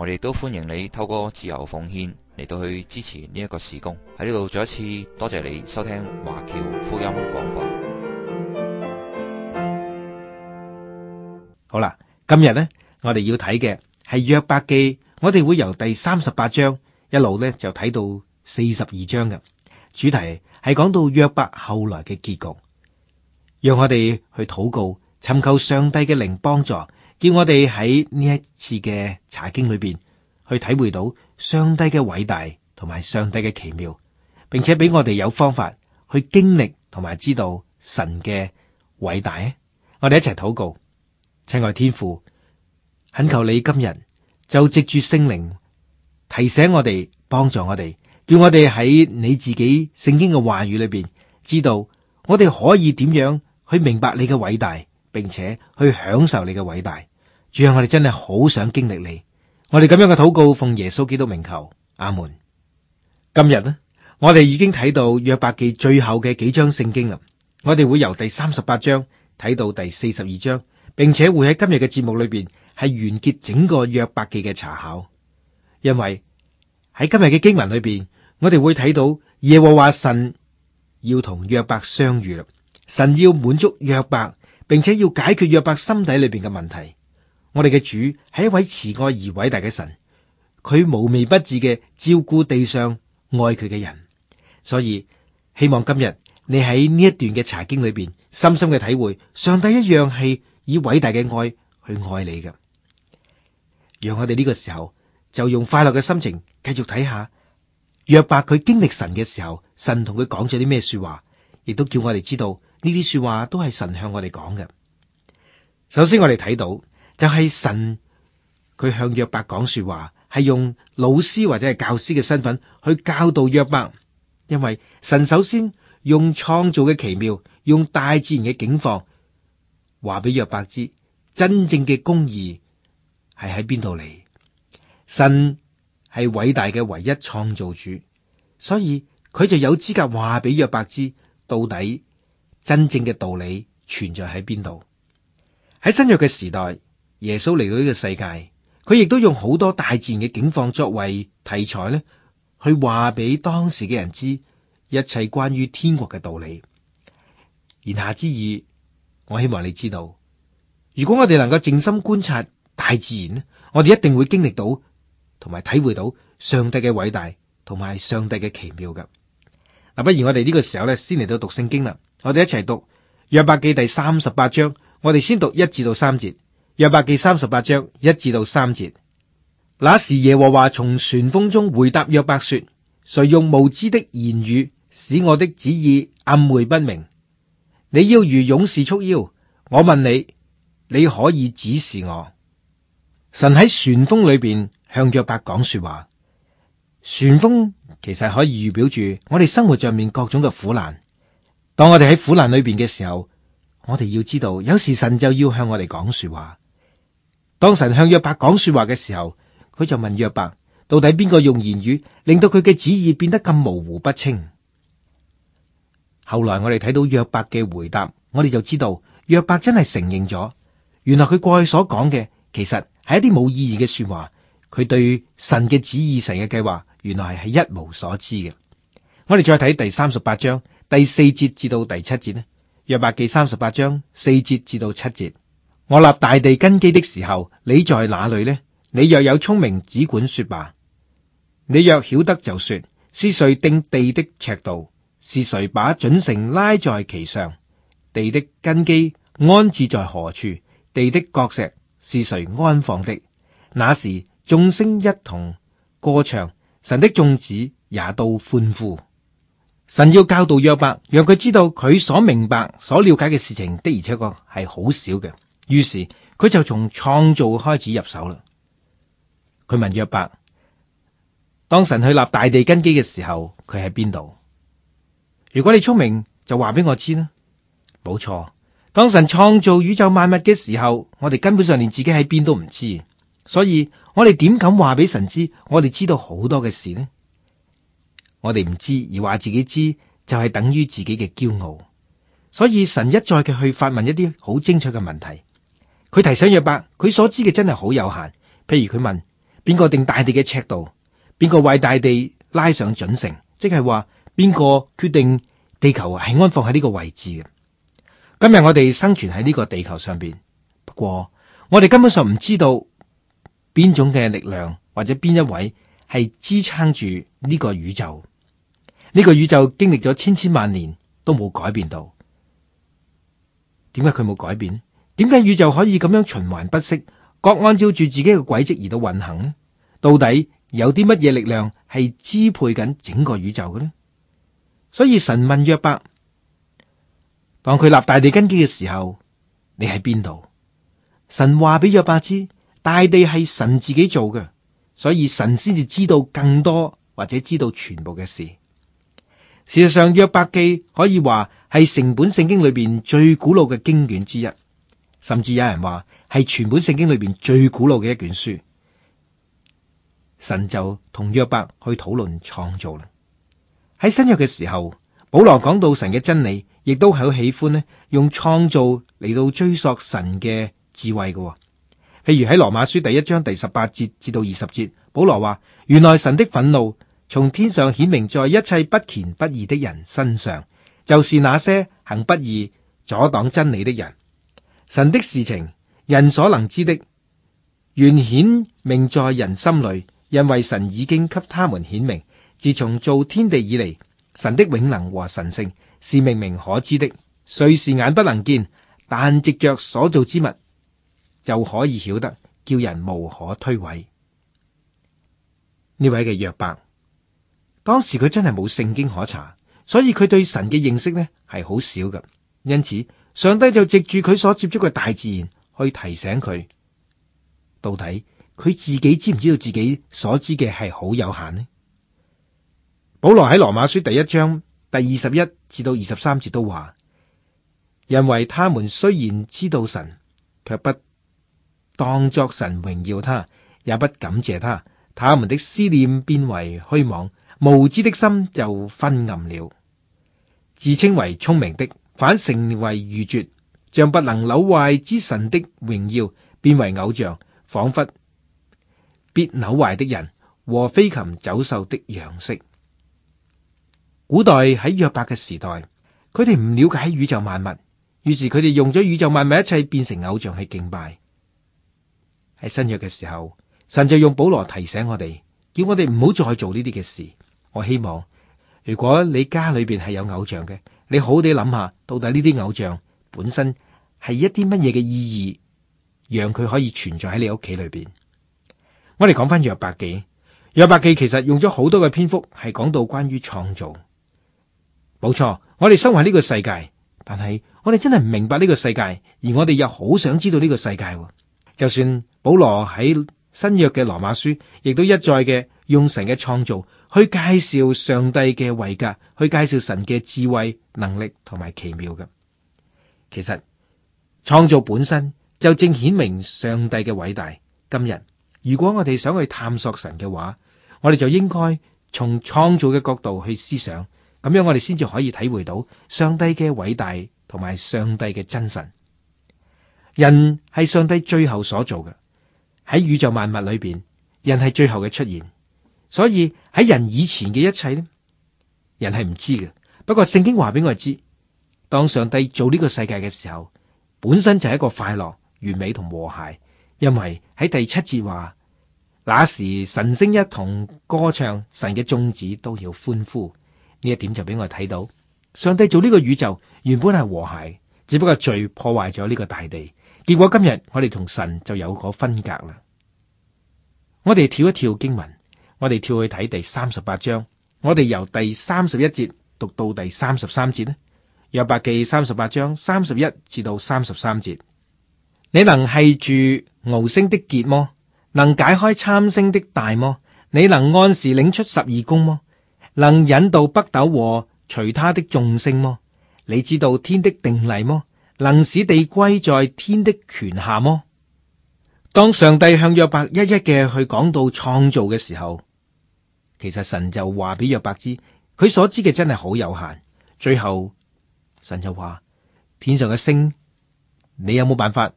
我哋都歡迎你透過自由奉獻嚟到去支持呢一個事工。喺呢度再一次多謝你收聽華僑福音廣播。好啦，今日呢，我哋要睇嘅係約伯記，我哋會由第三十八章一路呢就睇到四十二章嘅，主題係講到約伯後來嘅結局。讓我哋去禱告，尋求上帝嘅靈幫助。叫我哋喺呢一次嘅查經裏邊去體會到上帝嘅偉大同埋上帝嘅奇妙，並且俾我哋有方法去經歷同埋知道神嘅偉大。我哋一齊禱告，親愛天父，懇求你今日就藉住聖靈提醒我哋，幫助我哋，叫我哋喺你自己聖經嘅話語裏邊知道，我哋可以點樣去明白你嘅偉大，並且去享受你嘅偉大。主啊，我哋真係好想經歷你。我哋咁樣嘅禱告，奉耶穌基督名求，阿門。今日呢，我哋已經睇到約伯記最後嘅幾章聖經啦。我哋會由第三十八章睇到第四十二章，並且會喺今日嘅節目裏邊係完結整個約伯記嘅查考，因為喺今日嘅經文裏邊，我哋會睇到耶和華神要同約伯相遇啦，神要滿足約伯，並且要解決約伯心底裏邊嘅問題。我哋嘅主係一位慈愛而偉大嘅神，佢無微不至嘅照顧地上愛佢嘅人，所以希望今日你喺呢一段嘅查經裏邊，深深嘅體會上帝一樣係以偉大嘅愛去愛你嘅。讓我哋呢個時候就用快樂嘅心情繼續睇下約伯佢經歷神嘅時候，神同佢講咗啲咩說話，亦都叫我哋知道呢啲說話都係神向我哋講嘅。首先，我哋睇到。就係神，佢向約伯講說話，係用老師或者係教師嘅身份去教導約伯。因為神首先用創造嘅奇妙，用大自然嘅景況，話俾約伯知真正嘅公義係喺邊度嚟。神係偉大嘅唯一創造主，所以佢就有資格話俾約伯知到底真正嘅道理存在喺邊度。喺新約嘅時代。耶穌嚟到呢個世界，佢亦都用好多大自然嘅景況作為題材咧，去話俾當時嘅人知一切關於天國嘅道理。言下之意，我希望你知道，如果我哋能夠靜心觀察大自然，我哋一定會經歷到同埋體會到上帝嘅偉大同埋上帝嘅奇妙嘅嗱、啊。不如我哋呢個時候咧，先嚟到讀聖經啦。我哋一齊讀《約伯記》第三十八章，我哋先讀一至到三節。約伯記三十八章一至到三節，那時耶和華從旋風中回答約伯說：誰用無知的言語使我的旨意暗昧不明？你要如勇士束腰，我問你，你可以指示我。神喺旋風裏邊向約伯講說話。旋風其實可以預表住我哋生活上面各種嘅苦難。當我哋喺苦難裏邊嘅時候，我哋要知道，有時神就要向我哋講說話。當神向約伯講說話嘅時候，佢就問約伯：到底邊個用言語令到佢嘅旨意變得咁模糊不清？後來我哋睇到約伯嘅回答，我哋就知道約伯真係承認咗，原來佢過去所講嘅，其實係一啲冇意義嘅說話。佢對神嘅旨意、神嘅計劃，原來係係一無所知嘅。我哋再睇第三十八章第四節至到第七節呢？約伯記三十八章四節至到七節。我立大地根基的時候，你在哪裏呢？你若有聰明，只管說吧。你若曉得就說：是誰定地的尺度？是誰把準繩拉在其上？地的根基安置在何處？地的角石是誰安放的？那時眾生一同歌唱，神的眾子也都歡呼。神要教導約伯，讓佢知道佢所明白、所了解嘅事情的，的，而且確係好少嘅。於是佢就從創造開始入手啦。佢問約伯：當神去立大地根基嘅時候，佢喺邊度？如果你聰明，就話俾我知啦。冇錯，當神創造宇宙萬物嘅時候，我哋根本上連自己喺邊都唔知，所以我哋點敢話俾神知？我哋知道好多嘅事呢？我哋唔知而話自己知，就係等於自己嘅驕傲。所以神一再嘅去發問一啲好精彩嘅問題。佢提醒約伯，佢所知嘅真係好有限。譬如佢問，邊個定大地嘅尺度？邊個為大地拉上準繩？即係話邊個決定地球係安放喺呢個位置嘅。今日我哋生存喺呢個地球上邊，不過我哋根本上唔知道邊種嘅力量或者邊一位係支撐住呢個宇宙。呢個宇宙經歷咗千千萬年都冇改變到，點解佢冇改變？點解宇宙可以咁樣循環不息，各按照住自己嘅軌跡而到運行呢？到底有啲乜嘢力量係支配緊整個宇宙嘅呢？所以神問約伯：當佢立大地根基嘅時候，你喺邊度？神話俾約伯知，大地係神自己做嘅，所以神先至知道更多或者知道全部嘅事。事實上，約伯記可以話係成本聖經裏邊最古老嘅經卷之一。甚至有人話係全本聖經裏邊最古老嘅一卷書，神就同約伯去討論創造啦。喺新約嘅時候，保羅講到神嘅真理，亦都係好喜歡呢，用創造嚟到追溯神嘅智慧嘅。譬如喺羅馬書第一章第十八節至到二十節，保羅話：原來神的憤怒從天上顯明在一切不虔不義的人身上，就是那些行不義、阻擋真理的人。神的事情，人所能知的，原顯明在人心裏，因為神已經給他們顯明。自從造天地以嚟，神的永能和神性是明明可知的。雖是眼不能見，但藉着所造之物，就可以曉得，叫人無可推諉。呢位嘅約伯，當時佢真係冇聖經可查，所以佢對神嘅認識呢係好少㗎，因此。上帝就藉住佢所接觸嘅大自然，去提醒佢，到底佢自己知唔知道自己所知嘅係好有限呢？保羅喺羅馬書第一章第二十一至到二十三節都話，因為他們雖然知道神，卻不當作神榮耀他，也不感謝他，他們的思念變為虛妄，無知的心就昏暗了，自稱為聰明的。反，成為愚拙，將不能朽壞之神的榮耀變為偶像，仿佛必朽壞的人和飛禽走獸的樣式。古代喺約伯嘅時代，佢哋唔了解宇宙萬物，於是佢哋用咗宇宙萬物一切變成偶像去敬拜。喺新約嘅時候，神就用保羅提醒我哋，叫我哋唔好再做呢啲嘅事。我希望。如果你家裏邊係有偶像嘅，你好地諗下，到底呢啲偶像本身係一啲乜嘢嘅意義，讓佢可以存在喺你屋企裏邊？我哋講翻約伯記，約伯記其實用咗好多嘅篇幅係講到關於創造。冇錯，我哋生活喺呢個世界，但係我哋真係唔明白呢個世界，而我哋又好想知道呢個世界。就算保羅喺新約嘅羅馬書，亦都一再嘅用神嘅創造。去介紹上帝嘅位格，去介紹神嘅智慧、能力同埋奇妙嘅。其實創造本身就正顯明上帝嘅偉大。今日如果我哋想去探索神嘅話，我哋就應該從創造嘅角度去思想，咁樣我哋先至可以體會到上帝嘅偉大同埋上帝嘅真神。人係上帝最後所做嘅，喺宇宙萬物裏邊，人係最後嘅出現。所以喺人以前嘅一切咧，人係唔知嘅。不過聖經話俾我知，當上帝做呢個世界嘅時候，本身就係一個快樂、完美同和諧。因為喺第七節話，那時晨星一同歌唱，神嘅眾子都要歡呼。呢一點就俾我睇到，上帝做呢個宇宙原本係和諧，只不過罪破壞咗呢個大地。結果今日我哋同神就有個分隔啦。我哋跳一跳經文。我哋跳去睇第，第，第三十八章，我哋由第三十一節讀到第三十三節咧。約伯記三十八章三十一至到三十三節，你能係住昴星的結麼？能解開參星的帶麼？你能按時領出十二宮麼？能引導北斗和隨他的眾星麼？你知道天的定例麼？能使地歸在天的權下麼？當上帝向約伯一一嘅去講到創造嘅時候，其實神就話俾約伯知，佢所知嘅真係好有限。最後神就話天上嘅星，你有冇辦法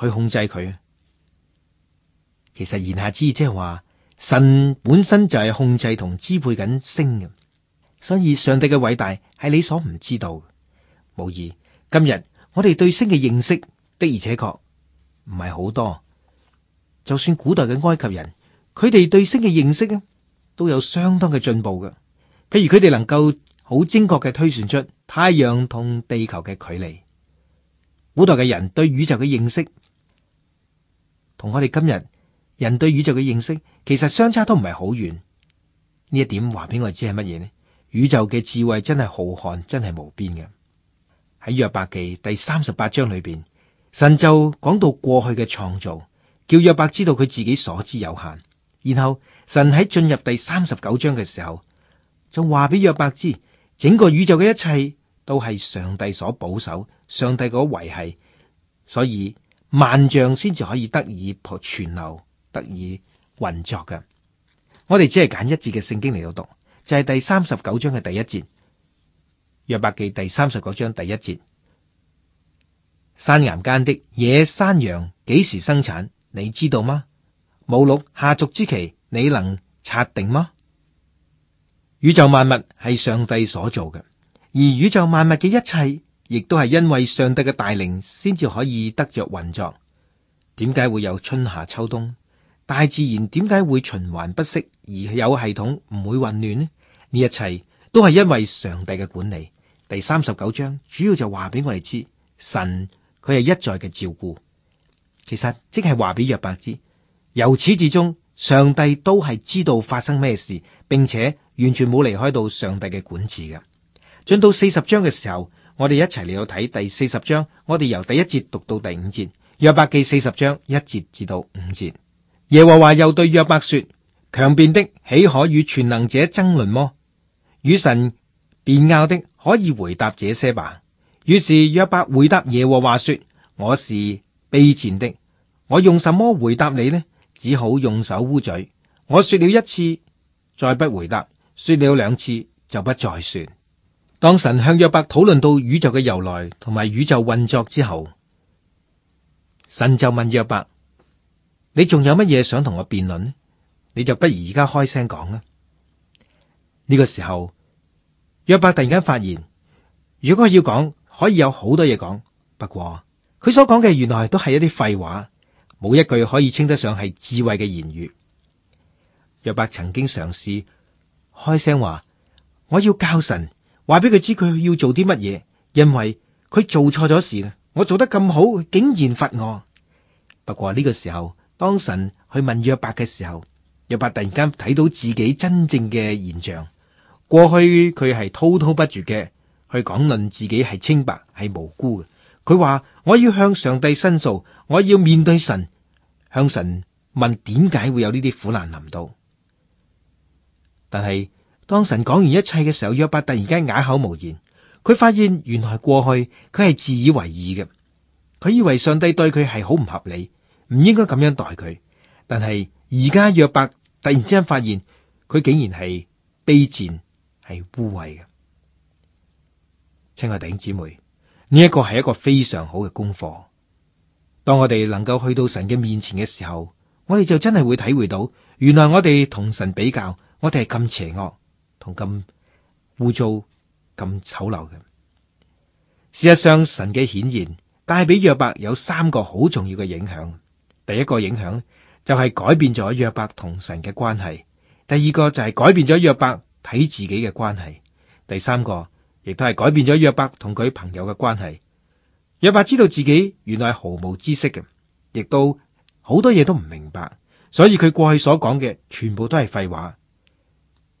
去控制佢？其實言下之意即係話神本身就係控制同支配緊星嘅，所以上帝嘅偉大係你所唔知道。無疑今日我哋對星嘅認識的而且確唔係好多，就算古代嘅埃及人，佢哋對星嘅認識呢。都有相當嘅進步嘅，譬如佢哋能夠好精確嘅推算出太陽同地球嘅距離。古代嘅人對宇宙嘅認識，同我哋今日人對宇宙嘅認識，其實相差都唔係好遠。呢一點話俾我知係乜嘢呢？宇宙嘅智慧真係浩瀚，真係無邊嘅。喺約伯記第三十八章裏邊，神就講到過去嘅創造，叫約伯知道佢自己所知有限。然後神喺進入第三十九章嘅時候，就話俾約伯知，整個宇宙嘅一切都係上帝所保守，上帝嗰維繫，所以萬象先至可以得以存留、得以運作嘅。我哋只係揀一節嘅聖經嚟到讀，就係、是、第三十九章嘅第一節。約伯記第三十九章第一節，山岩間的野山羊幾時生產，你知道嗎？冇六下族之期，你能拆定嗎？宇宙萬物係上帝所做嘅，而宇宙萬物嘅一切，亦都係因為上帝嘅帶領，先至可以得着運作。點解會有春夏秋冬？大自然點解會循環不息而有系統，唔會混亂呢？呢一切都係因為上帝嘅管理。第三十九章主要就話俾我哋知，神佢係一再嘅照顧。其實即係話俾約伯知。由始至終，上帝都係知道發生咩事，並且完全冇離開到上帝嘅管治嘅。進到四十章嘅時候，我哋一齊嚟到睇第四十章。我哋由第一節讀到第五節。約伯記四十章一節至到五節。耶和華又對約伯說：強辯的豈可與全能者爭論麼？與神辯拗的可以回答這些吧。於是約伯回答耶和華說：我是卑賤的，我用什麼回答你呢？只好用手捂嘴。我說了一次，再不回答；說了兩次，就不再說。當神向約伯討論到宇宙嘅由來同埋宇宙運作之後，神就問約伯：你仲有乜嘢想同我辯論呢？你就不如而家開聲講啦。呢個時候，約伯突然間發現，如果我要講，可以有好多嘢講。不過，佢所講嘅原來都係一啲廢話。冇一句可以稱得上係智慧嘅言語。約伯曾經嘗試開聲話：我要教神，話俾佢知佢要做啲乜嘢，因為佢做錯咗事啦。我做得咁好，竟然罰我。不過呢個時候，當神去問約伯嘅時候，約伯突然間睇到自己真正嘅現象。過去佢係滔滔不絕嘅去講論自己係清白、係無辜嘅。佢話：我要向上帝申訴，我要面對神，向神問點解會有呢啲苦難臨到。但係當神講完一切嘅時候，約伯突然間啞口無言。佢發現原來過去佢係自以為義嘅，佢以為上帝對佢係好唔合理，唔應該咁樣待佢。但係而家約伯突然之間發現，佢竟然係卑賤，係污穢嘅。親愛弟兄姊妹。呢一個係一個非常好嘅功課。當我哋能夠去到神嘅面前嘅時候，我哋就真係會體會到，原來我哋同神比較，我哋係咁邪惡，同咁污糟、咁醜陋嘅。事實上，神嘅顯現帶俾約伯有三個好重要嘅影響。第一個影響就係、是、改變咗約伯同神嘅關係；第二個就係改變咗約伯睇自己嘅關係；第三個。亦都係改變咗約伯同佢朋友嘅關係。約伯知道自己原來係毫無知識嘅，亦都好多嘢都唔明白，所以佢過去所講嘅全部都係廢話。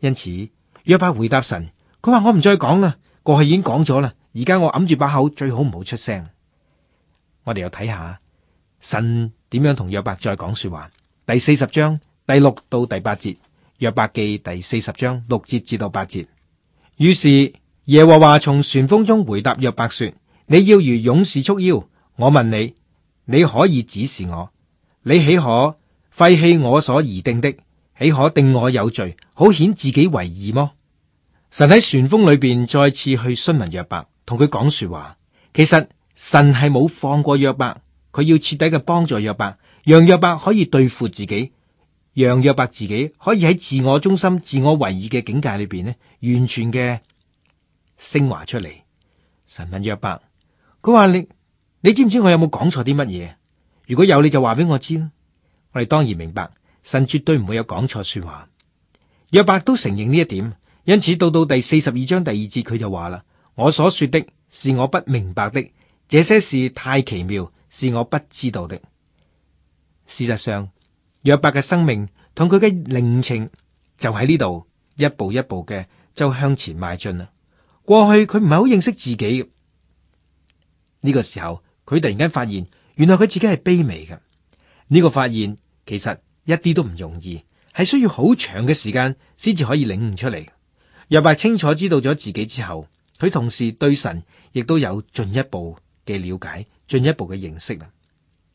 因此，約伯回答神，佢話我唔再講啦，過去已經講咗啦，而家我揞住把口，最好唔好出聲。我哋又睇下神點樣同約伯再講說話。第四十章第六到第八節，約伯記第四十章六節至到八節。於是。耶和華從旋風中回答約伯說：你要如勇士束腰，我問你，你可以指示我。你豈可廢棄我所擬定的？豈可定我有罪，好顯自己為義麼？神喺旋風裏邊再次去詢問約伯，同佢講說話。其實神係冇放過約伯，佢要徹底嘅幫助約伯，讓約伯可以對付自己，讓約伯自己可以喺自我中心、自我為義嘅境界裏邊呢，完全嘅。升華出嚟。神問約伯，佢話，你你知唔知我有冇講錯啲乜嘢？如果有，你就話俾我知。我哋當然明白，神絕對唔會有講錯說話。約伯都承認呢一點，因此到到第四十二章第二節，佢就話啦：我所說的是我不明白的，這些事太奇妙，是我不知道的。事實上，約伯嘅生命同佢嘅靈情就喺呢度一步一步嘅就向前邁進啦。過去佢唔係好認識自己，呢個時候佢突然間發現，原來佢自己係卑微嘅。呢個發現其實一啲都唔容易，係需要好長嘅時間先至可以領悟出嚟。約伯清楚知道咗自己之後，佢同時對神亦都有進一步嘅了解，進一步嘅認識啦。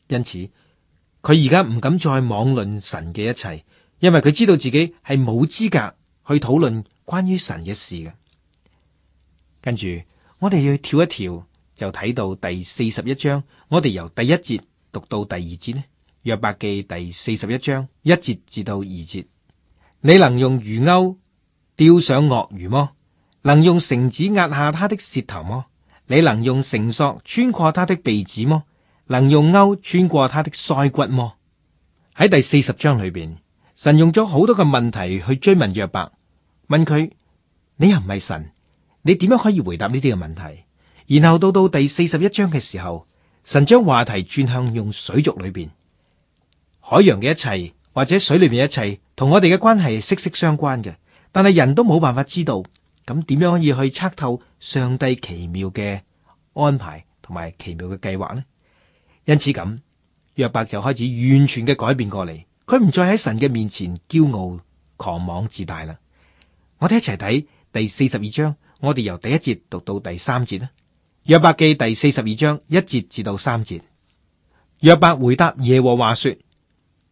因此，佢而家唔敢再妄論神嘅一切，因為佢知道自己係冇資格去討論關於神嘅事嘅。跟住我哋要跳一跳，就睇到第四十一章。我哋由第一節讀到第二節呢，《約伯記》第四十一章一節至到二節。你能用魚鈎釣上鱷魚麼？能用繩子壓下他的舌頭麼？你能用繩索穿過他的鼻子麼？能用鈎穿過他的腮骨麼？喺第四十章裏邊，神用咗好多嘅問題去追問約伯，問佢：你又唔係神？你點樣可以回答呢啲嘅問題？然後到到第四十一章嘅時候，神將話題轉向用水族裏邊海洋嘅一切，或者水裏邊一切同我哋嘅關係係息息相關嘅。但係人都冇辦法知道，咁點樣可以去測透上帝奇妙嘅安排同埋奇妙嘅計劃呢？因此咁，約伯就開始完全嘅改變過嚟，佢唔再喺神嘅面前驕傲、狂妄、自大啦。我哋一齊睇第四十二章。我哋由第一節讀到第三節啦，《約伯記》第四十二章一節至到三節。約伯回答耶和華說：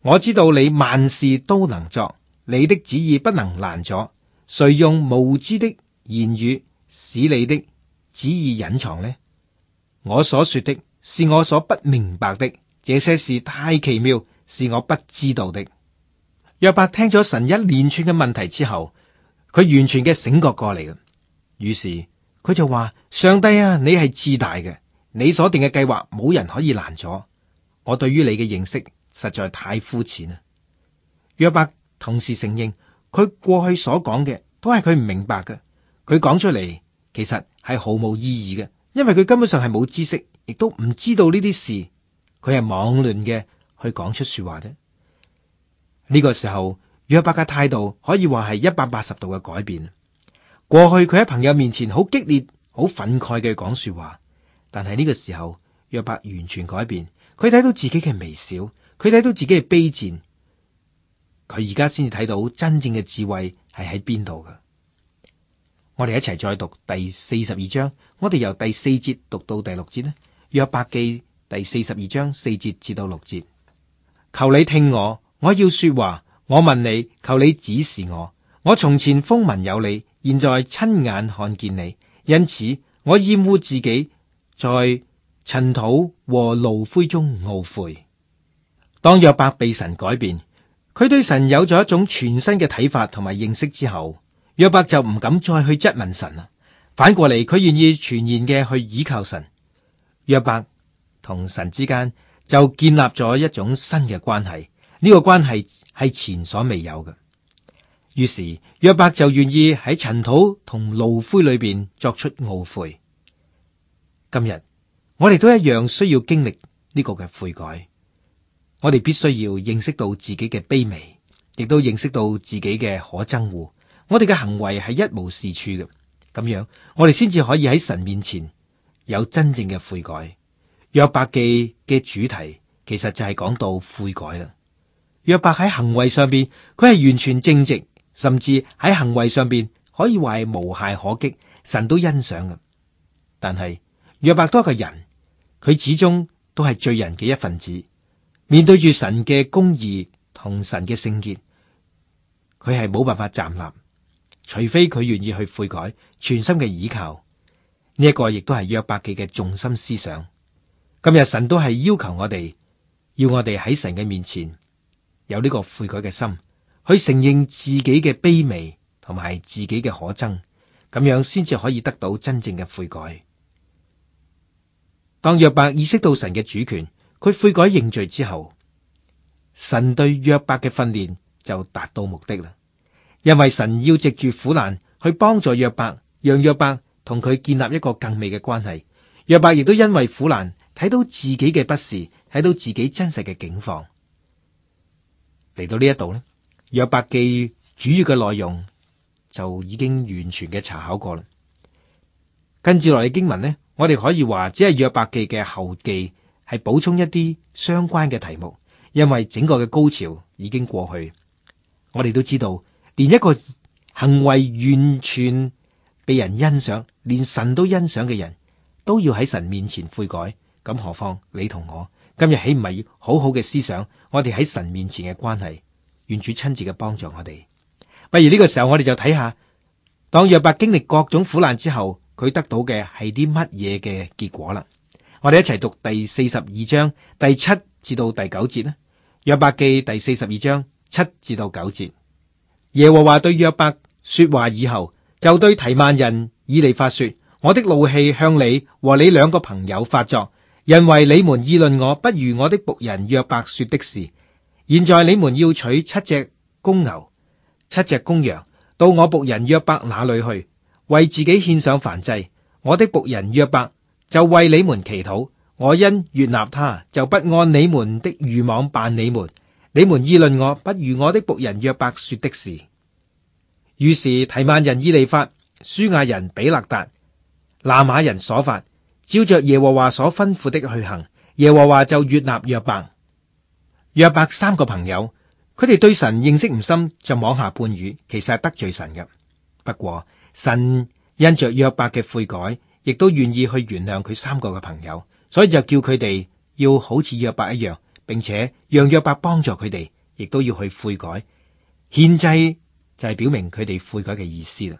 我知道你萬事都能作，你的旨意不能攔阻。誰用無知的言語使你的旨意隱藏呢？我所說的是我所不明白的，這些事太奇妙，是我不知道的。約伯聽咗神一連串嘅問題之後，佢完全嘅醒覺過嚟於是佢就話：上帝啊，你係至大嘅，你所定嘅計劃冇人可以攔阻。我對於你嘅認識實在太膚淺啦。約伯同時承認，佢過去所講嘅都係佢唔明白嘅，佢講出嚟其實係毫無意義嘅，因為佢根本上係冇知識，亦都唔知道呢啲事，佢係妄亂嘅去講出說話啫。呢個時候，約伯嘅態度可以話係一百八十度嘅改變。過去佢喺朋友面前好激烈，好憤慨嘅講說話，但係呢個時候，約伯完全改變。佢睇到自己嘅微小，佢睇到自己嘅卑賤，佢而家先至睇到真正嘅智慧係喺邊度㗎。我哋一齊再讀第四十二章，我哋由第四節讀到第六節咧。約伯記第四十二章四節至到六節，求你聽我，我要說話，我問你，求你指示我。我從前風聞有你。現在親眼看見你，因此我厭惡自己，在塵土和爐灰中懊悔。當約伯被神改變，佢對神有咗一種全新嘅睇法同埋認識之後，約伯就唔敢再去質問神啦。反過嚟，佢願意全然嘅去倚靠神。約伯同神之間就建立咗一種新嘅關係，呢個關係係前所未有嘅。於是約伯就願意喺塵土同爐灰裏邊作出懊悔。今日我哋都一樣需要經歷呢個嘅悔改，我哋必須要認識到自己嘅卑微，亦都認識到自己嘅可憎惡。我哋嘅行為係一無是處嘅，咁樣我哋先至可以喺神面前有真正嘅悔改。約伯記嘅主題其實就係講到悔改啦。約伯喺行為上邊佢係完全正直。甚至喺行為上邊可以話係無懈可擊，神都欣賞嘅。但係約伯多嘅人，佢始終都係罪人嘅一份子。面對住神嘅公義同神嘅聖潔，佢係冇辦法站立，除非佢願意去悔改，全心嘅倚靠。呢、這、一個亦都係約伯記嘅重心思想。今日神都係要求我哋，要我哋喺神嘅面前有呢個悔改嘅心。佢承認自己嘅卑微同埋自己嘅可憎，咁樣先至可以得到真正嘅悔改。當約伯意識到神嘅主權，佢悔改認罪之後，神對約伯嘅訓練就達到目的啦。因為神要藉住苦難去幫助約伯，讓約伯同佢建立一個更美嘅關係。約伯亦都因為苦難睇到自己嘅不是，睇到自己真實嘅境況。嚟到呢一度咧。約伯記主要嘅內容就已經完全嘅查考過啦。跟住來嘅經文呢，我哋可以話，只係約伯記嘅後記係補充一啲相關嘅題目，因為整個嘅高潮已經過去。我哋都知道，連一個行為完全被人欣賞，連神都欣賞嘅人，都要喺神面前悔改。咁何況你同我今日豈唔係要好好嘅思想，我哋喺神面前嘅關係？願主親自嘅幫助我哋，不如呢個時候我哋就睇下，當約伯經歷各種苦難之後，佢得到嘅係啲乜嘢嘅結果啦？我哋一齊讀第四十二章第七至到第九節啦。約伯記第四十二章七至到九節，耶和華對約伯說話以後，就對提幔人以利法說：我的怒氣向你和你兩個朋友發作，因為你們議論我不如我的僕人約伯說的是。現在你們要取七隻公牛、七隻公羊，到我僕人約伯那裏去，為自己獻上燔祭。我的僕人約伯就為你們祈禱。我因悅納他，就不按你們的愚妄辦你們。你們議論我，不如我的僕人約伯說的是。於是提幔人以利法、舒亞人比勒達、拿馬人所發，照着耶和華所吩咐的去行。耶和華就悅納約伯。約伯三個朋友，佢哋對神認識唔深，就妄下判語，其實係得罪神嘅。不過神因着約伯嘅悔改，亦都願意去原諒佢三個嘅朋友，所以就叫佢哋要好似約伯一樣，並且讓約伯幫助佢哋，亦都要去悔改。獻祭就係表明佢哋悔改嘅意思啦。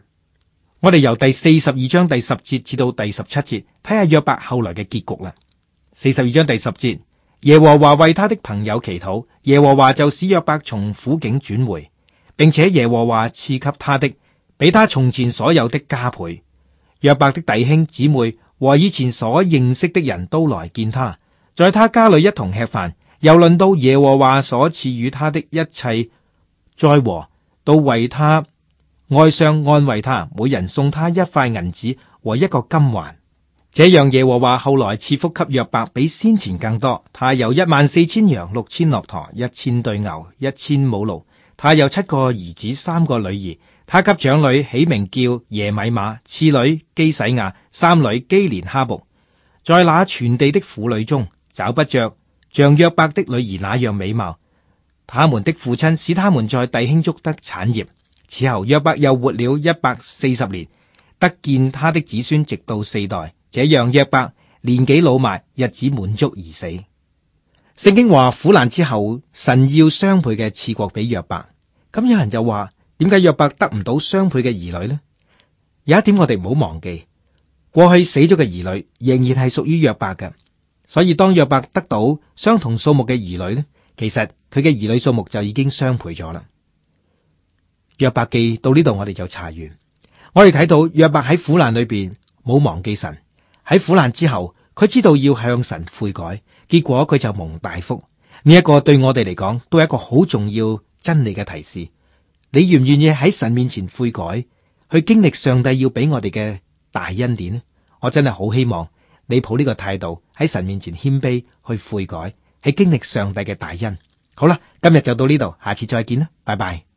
我哋由第四十二章第十節至到第十七節，睇下約伯後來嘅結局啦。四十二章第十節。耶和華為他的朋友祈禱，耶和華就使約伯從苦境轉回，並且耶和華賜給他的，比他從前所有的加倍。約伯的弟兄姊妹和以前所認識的人都來見他，在他家裏一同吃飯，又論到耶和華所賜予他的一切災禍，都為他哀傷安慰他，每人送他一塊銀子和一個金環。這樣耶和華後來賜福給約伯，比先前更多。他有一萬四千羊、六千駱駝、一千對牛、一千母驢。他有七個兒子、三個女兒。他給長女起名叫耶米瑪，次女基洗亞，三女基連哈布。在那全地的婦女中找不着像約伯的女兒那樣美貌。他們的父親使他們在弟兄中得產業。此後約伯又活了一百四十年，得見他的子孫直到四代。這樣約伯年紀老邁，日子滿足而死。聖經話苦難之後，神要雙倍嘅賜國俾約伯。咁有人就話：點解約伯得唔到雙倍嘅兒女呢？有一點我哋唔好忘記，過去死咗嘅兒女仍然係屬於約伯嘅。所以當約伯得到相同數目嘅兒女呢，其實佢嘅兒女數目就已經雙倍咗啦。約伯記到呢度我哋就查完，我哋睇到約伯喺苦難裏邊冇忘記神。喺苦難之後，佢知道要向神悔改，結果佢就蒙大福。呢、這、一個對我哋嚟講都係一個好重要真理嘅提示。你願唔願意喺神面前悔改，去經歷上帝要俾我哋嘅大恩典呢？我真係好希望你抱呢個態度喺神面前謙卑去悔改，去經歷上帝嘅大恩。好啦，今日就到呢度，下次再見啦，拜拜。